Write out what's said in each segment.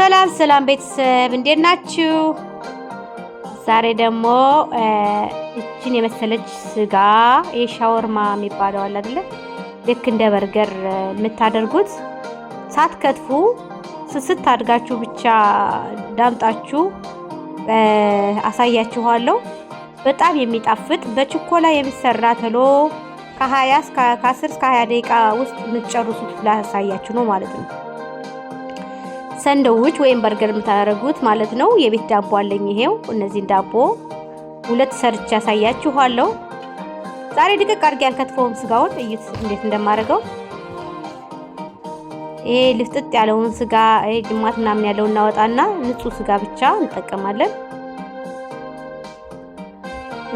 ሰላም ሰላም ቤተሰብ እንዴት ናችሁ? ዛሬ ደግሞ እችን የመሰለች ስጋ የሻወርማ የሚባለው አለ አይደለ? ልክ እንደ በርገር የምታደርጉት ሳትከትፉ ስስት አድጋችሁ ብቻ ዳምጣችሁ አሳያችኋለሁ። በጣም የሚጣፍጥ በችኮላ የሚሰራ ተሎ ከ20 እስከ 10 እስከ 20 ደቂቃ ውስጥ የምትጨርሱት ላሳያችሁ ነው ማለት ነው። ሰንደዊች ወይም በርገር የምታደርጉት ማለት ነው። የቤት ዳቦ አለኝ። ይሄው እነዚህን ዳቦ ሁለት ሰርቼ ያሳያችኋለሁ። ዛሬ ድቅቅ አድርጌ ያልከትፈውም ስጋውን እዩት እንዴት እንደማደርገው። ይሄ ልፍጥጥ ያለውን ስጋ ይሄ ጅማት ምናምን ያለውን እናወጣና ንጹህ ስጋ ብቻ እንጠቀማለን።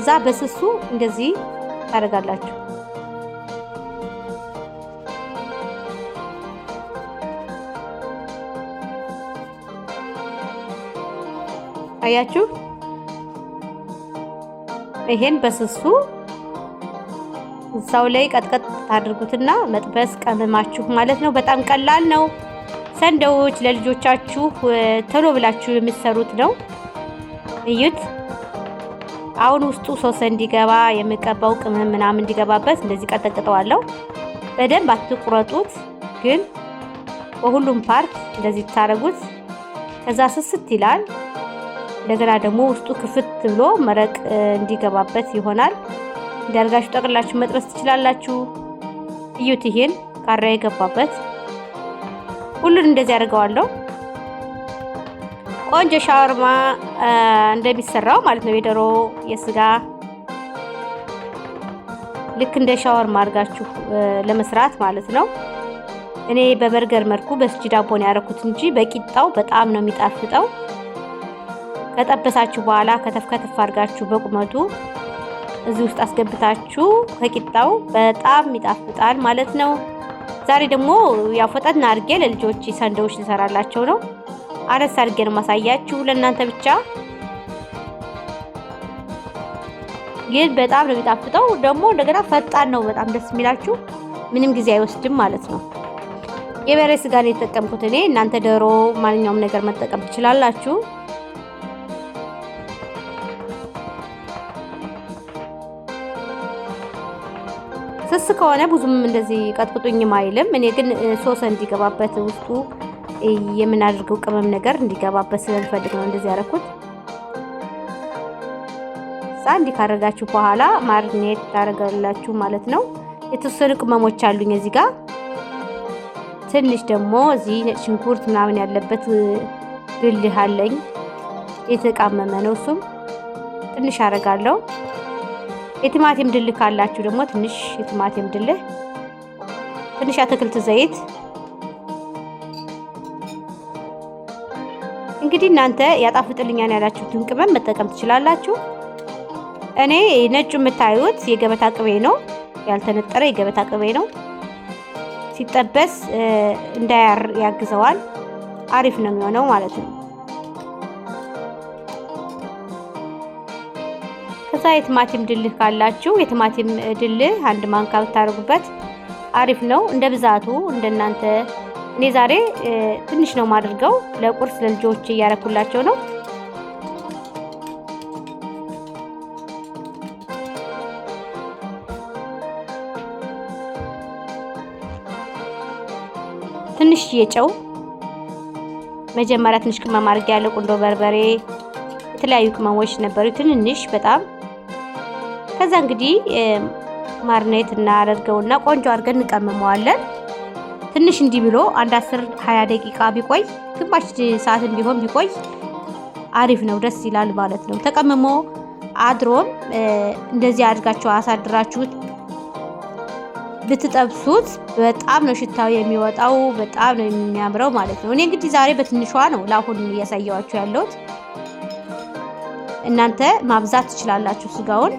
እዛ በስሱ እንደዚህ ታደርጋላችሁ። አያችሁ። ይሄን በስሱ እዛው ላይ ቀጥቀጥ አድርጉትና መጥበስ ቀመማችሁ ማለት ነው። በጣም ቀላል ነው። ሰንደዎች ለልጆቻችሁ ቶሎ ብላችሁ የምትሰሩት ነው። እዩት። አሁን ውስጡ ሶስ እንዲገባ የምቀባው ቅመም ምናምን እንዲገባበት እንደዚህ ቀጠቅጠዋለሁ። በደንብ አትቁረጡት፣ ግን በሁሉም ፓርት እንደዚህ ታደርጉት። ከዛ ስስት ይላል። እንደገና ደግሞ ውስጡ ክፍት ብሎ መረቅ እንዲገባበት ይሆናል። እንዲያርጋችሁ ጠቅላችሁ መጥረስ ትችላላችሁ። እዩት፣ ይሄን ካራ የገባበት ሁሉን እንደዚህ አድርገዋለሁ። ቆንጆ ሻወርማ እንደሚሰራው ማለት ነው። የዶሮ የስጋ ልክ እንደ ሻወርማ አድርጋችሁ ለመስራት ማለት ነው። እኔ በበርገር መልኩ በስጂ ዳቦ ያደረኩት እንጂ በቂጣው በጣም ነው የሚጣፍጠው። ከጠበሳችሁ በኋላ ከተፍ ከተፍ አድርጋችሁ በቁመቱ እዚህ ውስጥ አስገብታችሁ ከቂጣው በጣም ይጣፍጣል ማለት ነው። ዛሬ ደግሞ ያው ፈጠን አድርጌ ለልጆች ሳንደዎች ልሰራላቸው ነው። አነስ አድርጌ ነው ማሳያችሁ ለእናንተ ብቻ። ግን በጣም ነው የሚጣፍጠው። ደግሞ እንደገና ፈጣን ነው በጣም ደስ የሚላችሁ፣ ምንም ጊዜ አይወስድም ማለት ነው። የበሬ ስጋ ነው የተጠቀምኩት እኔ። እናንተ ዶሮ፣ ማንኛውም ነገር መጠቀም ትችላላችሁ። ጥብስ ከሆነ ብዙም እንደዚህ ቀጥቅጡኝም አይልም። እኔ ግን ሶስ እንዲገባበት ውስጡ የምናደርገው ቅመም ነገር እንዲገባበት ስለምፈልግ ነው እንደዚህ ያደረኩት። ሳ እንዲህ ካደረጋችሁ በኋላ ማርኔት ታደርጋላችሁ ማለት ነው። የተወሰኑ ቅመሞች አሉኝ እዚህ ጋር ትንሽ ደግሞ እዚህ ሽንኩርት ምናምን ያለበት ድልህ አለኝ የተቃመመ ነው። እሱም ትንሽ አደርጋለሁ። የቲማቲም ድልህ ካላችሁ ደግሞ ትንሽ የቲማቲም ድልህ፣ ትንሽ አትክልት ዘይት። እንግዲህ እናንተ ያጣፍጥልኛን ያላችሁትን ቅመም መጠቀም ትችላላችሁ። እኔ ነጩ የምታዩት የገበታ ቅቤ ነው፣ ያልተነጠረ የገበታ ቅቤ ነው። ሲጠበስ እንዳያር ያግዘዋል። አሪፍ ነው የሚሆነው ማለት ነው። ከዛ የቲማቲም ድልህ ካላችሁ የቲማቲም ድልህ አንድ ማንካ ብታደርጉበት አሪፍ ነው። እንደ ብዛቱ እንደናንተ። እኔ ዛሬ ትንሽ ነው ማድርገው፣ ለቁርስ ለልጆች እያረኩላቸው ነው። ትንሽ የጨው መጀመሪያ ትንሽ ቅመም አድርጌ ያለው ቁንዶ በርበሬ የተለያዩ ቅመሞች ነበሩ። ትንንሽ በጣም ከዛ እንግዲህ ማርኔት እናደርገውና ቆንጆ አድርገን እንቀምመዋለን። ትንሽ እንዲህ ብሎ አንድ 10 20 ደቂቃ ቢቆይ ግማሽ ሰዓት ቢሆን ቢቆይ አሪፍ ነው፣ ደስ ይላል ማለት ነው። ተቀምሞ አድሮም እንደዚህ አድርጋችሁ አሳድራችሁት ብትጠብሱት በጣም ነው ሽታው የሚወጣው፣ በጣም ነው የሚያምረው ማለት ነው። እኔ እንግዲህ ዛሬ በትንሿ ነው ለአሁን እያሳየዋችሁ ያለሁት። እናንተ ማብዛት ትችላላችሁ ስጋውን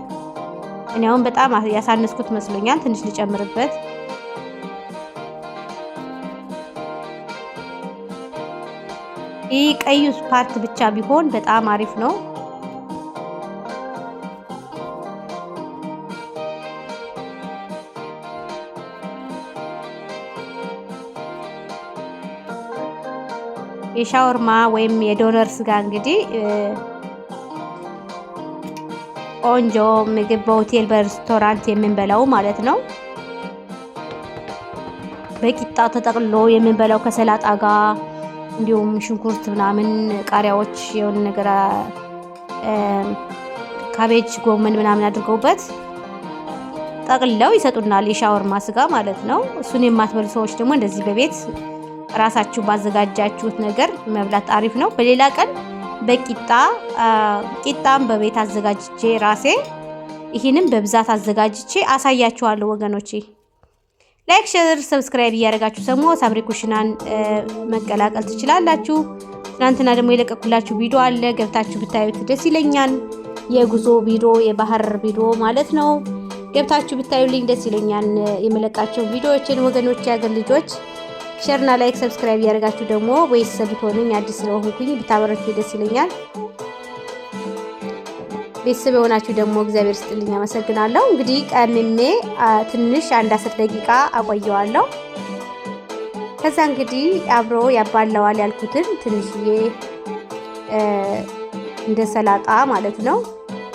እኔ አሁን በጣም ያሳነስኩት መስሎኛል። ትንሽ ልጨምርበት። ይህ ቀዩ ፓርት ብቻ ቢሆን በጣም አሪፍ ነው። የሻወርማ ወይም የዶነር ስጋ እንግዲህ ቆንጆ ምግብ በሆቴል በሬስቶራንት የምንበላው ማለት ነው። በቂጣ ተጠቅሎ የምንበላው ከሰላጣ ጋር እንዲሁም ሽንኩርት ምናምን፣ ቃሪያዎች፣ የሆነ ነገር ካቤጅ፣ ጎመን ምናምን አድርገውበት ጠቅልለው ይሰጡናል። የሻወርማ ስጋ ማለት ነው። እሱን የማትበሉ ሰዎች ደግሞ እንደዚህ በቤት ራሳችሁ ባዘጋጃችሁት ነገር መብላት አሪፍ ነው። በሌላ ቀን በቂጣ ቂጣም በቤት አዘጋጅቼ ራሴ ይህንም በብዛት አዘጋጅቼ አሳያችኋለሁ ወገኖቼ። ላይክ፣ ሸር ሰብስክራይብ እያደረጋችሁ ደግሞ ሳብሪ ኩሽናን መቀላቀል ትችላላችሁ። ትናንትና ደግሞ የለቀኩላችሁ ቪዲዮ አለ ገብታችሁ ብታዩት ደስ ይለኛል። የጉዞ ቪዲዮ የባህር ቪዲዮ ማለት ነው። ገብታችሁ ብታዩልኝ ደስ ይለኛል። የመለቃቸው ቪዲዮዎችን ወገኖች፣ ያገር ልጆች ሼርና ላይክ ሰብስክራይብ እያደረጋችሁ ደግሞ ቤተሰብ ብትሆኑኝ አዲስ ስለሆንኩኝ ብታበረቱ ደስ ይለኛል። ቤተሰብ የሆናችሁ ደግሞ እግዚአብሔር ስጥልኝ አመሰግናለሁ። እንግዲህ ቀምሜ ትንሽ አንድ አስር ደቂቃ አቆየዋለሁ። ከዛ እንግዲህ አብሮ ያባለዋል ያልኩትን ትንሽዬ እንደ ሰላጣ ማለት ነው።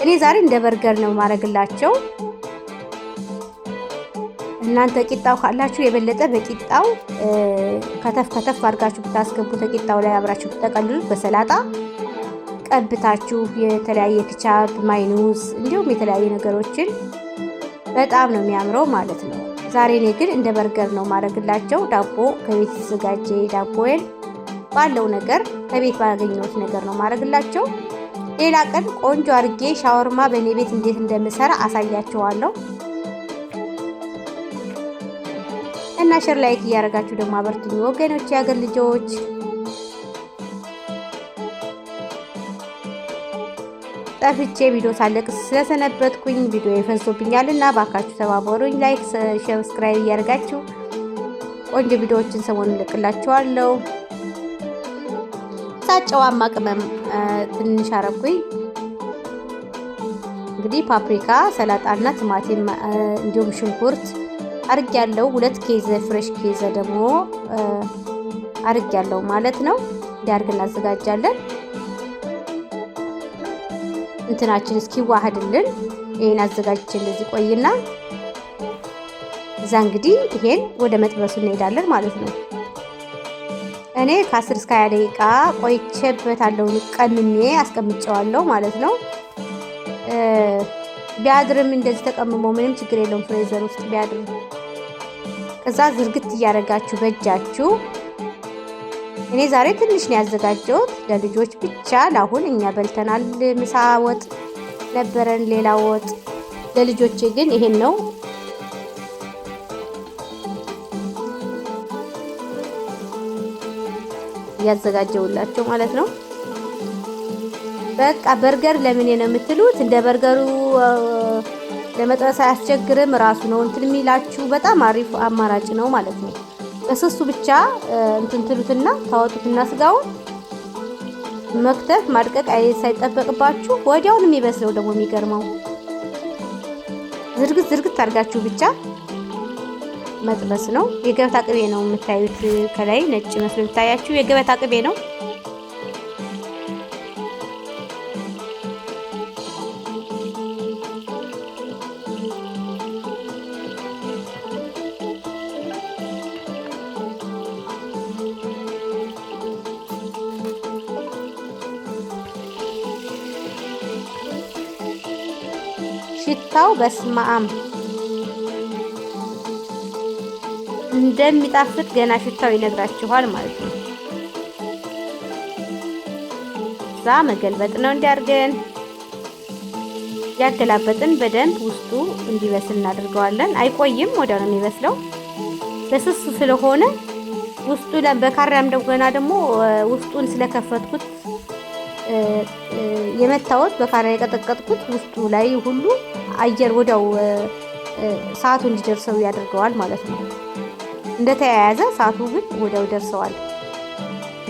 እኔ ዛሬ እንደ በርገር ነው ማድረግላቸው እናንተ ቂጣው ካላችሁ የበለጠ በቂጣው ከተፍ ከተፍ አድርጋችሁ ብታስገቡ ተቂጣው ላይ አብራችሁ ብትጠቀልሉት በሰላጣ ቀብታችሁ የተለያየ ክቻፕ ማይኑስ እንዲሁም የተለያዩ ነገሮችን በጣም ነው የሚያምረው ማለት ነው። ዛሬ እኔ ግን እንደ በርገር ነው ማድረግላቸው። ዳቦ ከቤት የተዘጋጀ ዳቦዬን ባለው ነገር ከቤት ባገኘሁት ነገር ነው ማድረግላቸው። ሌላ ቀን ቆንጆ አድርጌ ሻወርማ በእኔ ቤት እንዴት እንደምሰራ አሳያቸዋለሁ። እና ሸር ላይክ እያደረጋችሁ ደግሞ አበርቱኝ ወገኖች፣ የአገር ልጆች ጠፍቼ ቪዲዮ ሳለቅ ስለሰነበትኩኝ ቪዲዮ የፈንሶብኛል እና ባካችሁ ተባበሩኝ። ላይክ ሰብስክራይብ እያደርጋችሁ ቆንጆ ቪዲዮዎችን ሰሞኑን ልቅላችኋለሁ። ሳጨዋማ ቅመም ትንሽ አረኩኝ። እንግዲህ ፓፕሪካ፣ ሰላጣ እና ቲማቲም እንዲሁም ሽንኩርት አርግ ያለው ሁለት ኬዘ ፍሬሽ ኬዘ ደግሞ አርግ ያለው ማለት ነው። እንዲያርግ እናዘጋጃለን። እንትናችን እስኪዋህድልን ይሄን አዘጋጅችን እንደዚህ ቆይና እዛ እንግዲህ ይሄን ወደ መጥበሱ እንሄዳለን ማለት ነው። እኔ ከ10 እስከ 20 ደቂቃ ቆይቼበታለሁ። ቀምሜ አስቀምጨዋለሁ ማለት ነው። ቢያድርም እንደዚህ ተቀምሞ ምንም ችግር የለውም። ፍሬዘር ውስጥ ቢያድርም ከዛ ዝርግት እያደረጋችሁ በእጃችሁ። እኔ ዛሬ ትንሽ ነው ያዘጋጀሁት ለልጆች ብቻ። ለአሁን እኛ በልተናል፣ ምሳ ወጥ ነበረን፣ ሌላ ወጥ። ለልጆቼ ግን ይሄን ነው እያዘጋጀውላቸው ማለት ነው። በቃ በርገር ለምን ነው የምትሉት? እንደ በርገሩ ለመጥረስ አያስቸግርም። ራሱ ነው እንትን የሚላችሁ በጣም አሪፍ አማራጭ ነው ማለት ነው። እስሱ ብቻ እንትን ትሉትና ታወጡትና ስጋውን መክተፍ ማድቀቅ ሳይጠበቅባችሁ ወዲያውን የሚበስለው ደግሞ የሚገርመው ዝርግት ዝርግት አድርጋችሁ ብቻ መጥበስ ነው። የገበታ ቅቤ ነው የምታዩት ከላይ ነጭ መስሎ የምታያችሁ የገበታ ቅቤ ነው። ሽታው በስማም እንደሚጣፍጥ ገና ሽታው ይነግራችኋል ማለት ነው። እዛ መገልበጥ ነው እንዲያርገን ያገላበጥን በደንብ ውስጡ እንዲበስል እናደርገዋለን። አይቆይም፣ ወዲያው ነው የሚበስለው። በስሱ ስለሆነ ውስጡ በካሪያም ደጎና ደግሞ ውስጡን ስለከፈትኩት የመታወት በካሪያ የቀጠቀጥኩት ውስጡ ላይ ሁሉ አየር ወዲያው ሰዓቱ እንዲደርሰው ያደርገዋል ማለት ነው። እንደተያያዘ ሰዓቱ ግን ወዲያው ደርሰዋል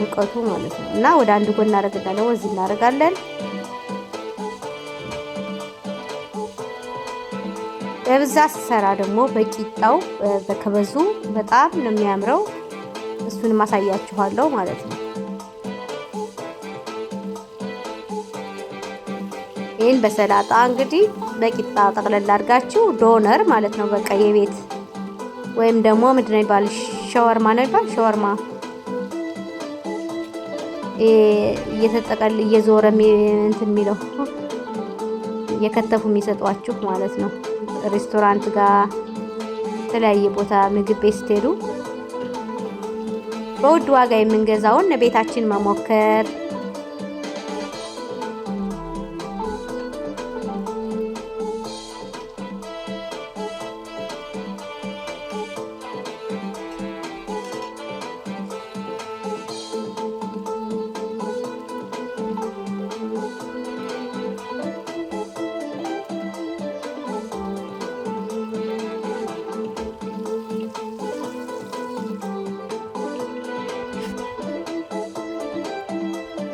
ሙቀቱ ማለት ነው። እና ወደ አንድ ጎን እናደርግና ደግሞ እናደርጋለን። በብዛት ስሰራ ደግሞ በቂጣው በከበዙ በጣም ነው የሚያምረው። እሱን ማሳያችኋለሁ ማለት ነው። ይህን በሰላጣ እንግዲህ በቂጣ ጠቅለል አድርጋችሁ ዶነር ማለት ነው። በቃ የቤት ወይም ደግሞ ምንድን ነው ይባል ሸወርማ ነው ይባል ሸወርማ እየተጠቀል እየዞረ እንትን የሚለው እየከተፉ የሚሰጧችሁ ማለት ነው። ሬስቶራንት ጋር የተለያየ ቦታ ምግብ ቤት ስትሄዱ በውድ ዋጋ የምንገዛውን ቤታችን መሞከር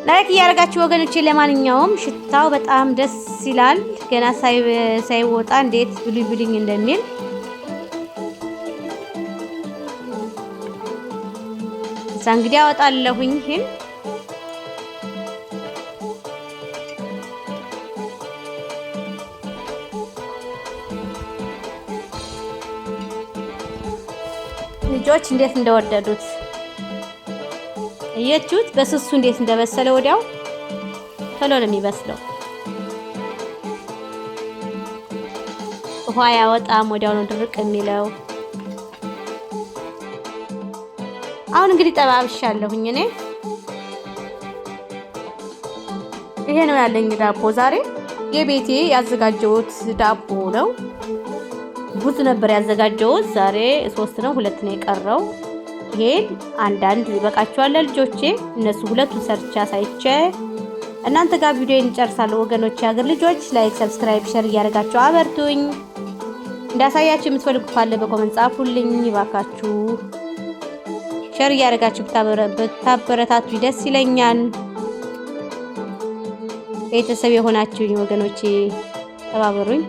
ላይክ እያደረጋችሁ ወገኖቼ፣ ለማንኛውም ሽታው በጣም ደስ ይላል። ገና ሳይወጣ እንዴት ብሉኝ ብሉኝ እንደሚል እዛ እንግዲህ አወጣለሁኝ ይህን ልጆች እንዴት እንደወደዱት እየችሁት በስሱ እንዴት እንደበሰለ ወዲያው ቶሎ ነው የሚበስለው። ውሃ ያወጣም ወዲያው ነው ድርቅ የሚለው። አሁን እንግዲህ ጠባብሻለሁኝ እኔ ይሄ ነው ያለኝ ዳቦ። ዛሬ የቤቴ ያዘጋጀሁት ዳቦ ነው። ብዙ ነበር ያዘጋጀሁት። ዛሬ ሶስት ነው፣ ሁለት ነው የቀረው። ይሄን አንዳንድ ይበቃችኋል ልጆቼ። እነሱ ሁለቱን ሰርቻ ሳይቼ እናንተ ጋር ቪዲዮ እንጨርሳለሁ። ወገኖች፣ የሀገር ልጆች ላይክ፣ ሰብስክራይብ፣ ሸር እያደረጋችሁ አበርቱኝ። እንዳሳያችሁ የምትፈልጉት ካለ በኮመንት ጻፉልኝ ይባካችሁ። ሸር እያደረጋችሁ ብታበረታቱ ደስ ይለኛል። ቤተሰብ የሆናችሁኝ ወገኖቼ ተባበሩኝ።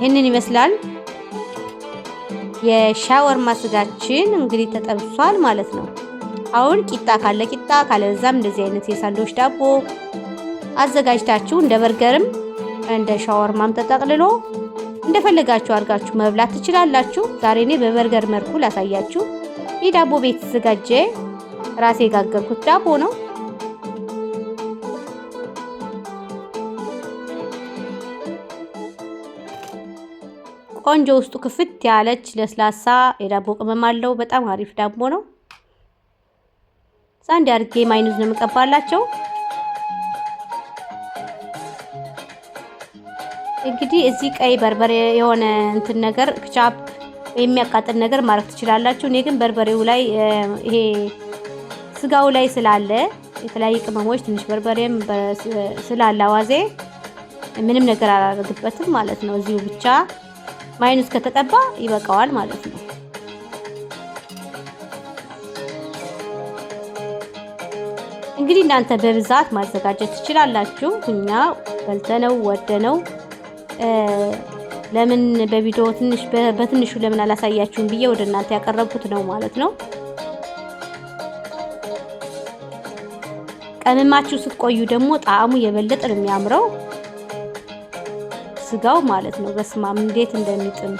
ይህንን ይመስላል። የሻወርማ ስጋችን እንግዲህ ተጠብሷል ማለት ነው። አሁን ቂጣ ካለ ቂጣ ካለበዛም እንደዚህ አይነት የሳንዶች ዳቦ አዘጋጅታችሁ እንደ በርገርም እንደ ሻወርማም ተጠቅልሎ እንደፈለጋችሁ አድርጋችሁ መብላት ትችላላችሁ። ዛሬ እኔ በበርገር መልኩ ላሳያችሁ። ይህ ዳቦ ቤት የተዘጋጀ ራሴ የጋገርኩት ዳቦ ነው። ቆንጆ ውስጡ ክፍት ያለች ለስላሳ የዳቦ ቅመም አለው። በጣም አሪፍ ዳቦ ነው። ዛንድ አድርጌ ማይኑዝ ነው የምቀባላቸው። እንግዲህ እዚህ ቀይ በርበሬ የሆነ እንትን ነገር ክቻፕ የሚያቃጥል ነገር ማድረግ ትችላላችሁ። እኔ ግን በርበሬው ላይ ይሄ ስጋው ላይ ስላለ የተለያዩ ቅመሞች ትንሽ በርበሬም ስላለ አዋዜ ምንም ነገር አላደርግበትም ማለት ነው። እዚሁ ብቻ ማይኑስ ከተቀባ ይበቃዋል ማለት ነው። እንግዲህ እናንተ በብዛት ማዘጋጀት ትችላላችሁ። እኛ በልተነው ወደነው ለምን በቪዲዮ ትንሽ በትንሹ ለምን አላሳያችሁም ብዬ ወደ እናንተ ያቀረብኩት ነው ማለት ነው። ቀመማችሁ ስትቆዩ ደግሞ ጣዕሙ የበለጠ ነው የሚያምረው። ስጋው ማለት ነው። በስማም እንዴት እንደሚጥም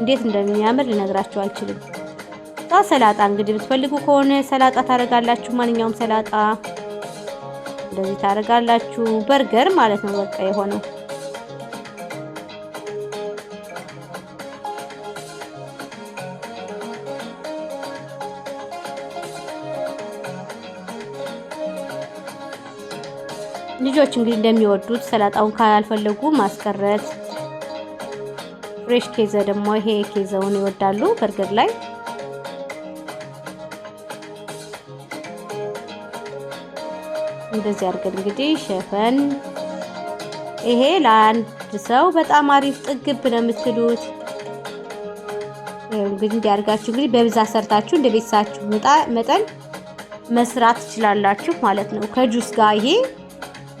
እንዴት እንደሚያምር ልነግራችሁ አልችልም። ዛ ሰላጣ እንግዲህ ብትፈልጉ ከሆነ ሰላጣ ታረጋላችሁ። ማንኛውም ሰላጣ እንደዚህ ታረጋላችሁ። በርገር ማለት ነው በቃ የሆነው ልጆች እንግዲህ እንደሚወዱት ሰላጣውን ካልፈለጉ ማስቀረት። ፍሬሽ ኬዘ ደግሞ ይሄ ኬዘውን ይወዳሉ በርገር ላይ እንደዚህ አድርገን እንግዲህ ሸፈን። ይሄ ለአንድ ሰው በጣም አሪፍ ጥግብ ነው የምትሉት። እንግዲህ እንዲያርጋችሁ እንግዲህ በብዛት ሰርታችሁ እንደ ቤተሰባችሁ መጠን መስራት ትችላላችሁ ማለት ነው ከጁስ ጋር ይሄ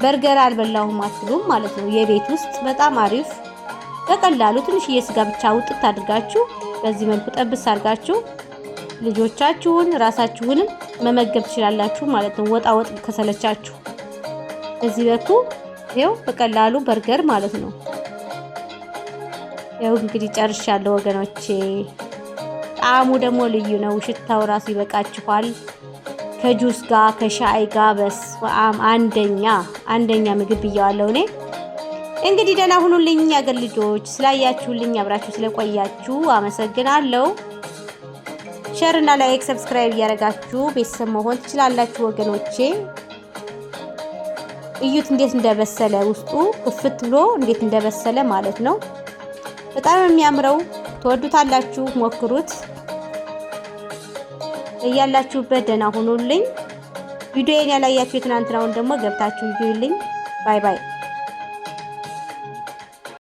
በርገር አልበላሁም አትሉም ማለት ነው። የቤት ውስጥ በጣም አሪፍ በቀላሉ ትንሽዬ ስጋ ብቻ ውጥት አድርጋችሁ በዚህ መልኩ ጠብስ አድርጋችሁ ልጆቻችሁን ራሳችሁንም መመገብ ትችላላችሁ ማለት ነው። ወጣ ወጥ ከሰለቻችሁ በዚህ በኩ ይኸው በቀላሉ በርገር ማለት ነው። ው እንግዲህ ጨርሻለሁ ወገኖቼ። ጣዕሙ ደግሞ ልዩ ነው። ሽታው ራሱ ይበቃችኋል። ከጁስ ጋር ከሻይ ጋር በስፋም አንደኛ አንደኛ ምግብ ብያዋለሁ። እኔ እንግዲህ ደህና ሁኑልኝ ያገር ልጆች፣ ስላያችሁልኝ አብራችሁ ስለቆያችሁ አመሰግናለሁ። ሼር እና ላይክ ሰብስክራይብ እያደረጋችሁ ቤተሰብ መሆን ትችላላችሁ ወገኖቼ። እዩት እንዴት እንደበሰለ ውስጡ ክፍት ብሎ እንዴት እንደበሰለ ማለት ነው። በጣም የሚያምረው ተወዱታላችሁ፣ ሞክሩት። እያላችሁበት ደህና ሁኑልኝ። ቪዲዮዬን ያላያችሁ የትናንትናውን ደግሞ ገብታችሁ ይዩልኝ። ባይ ባይ።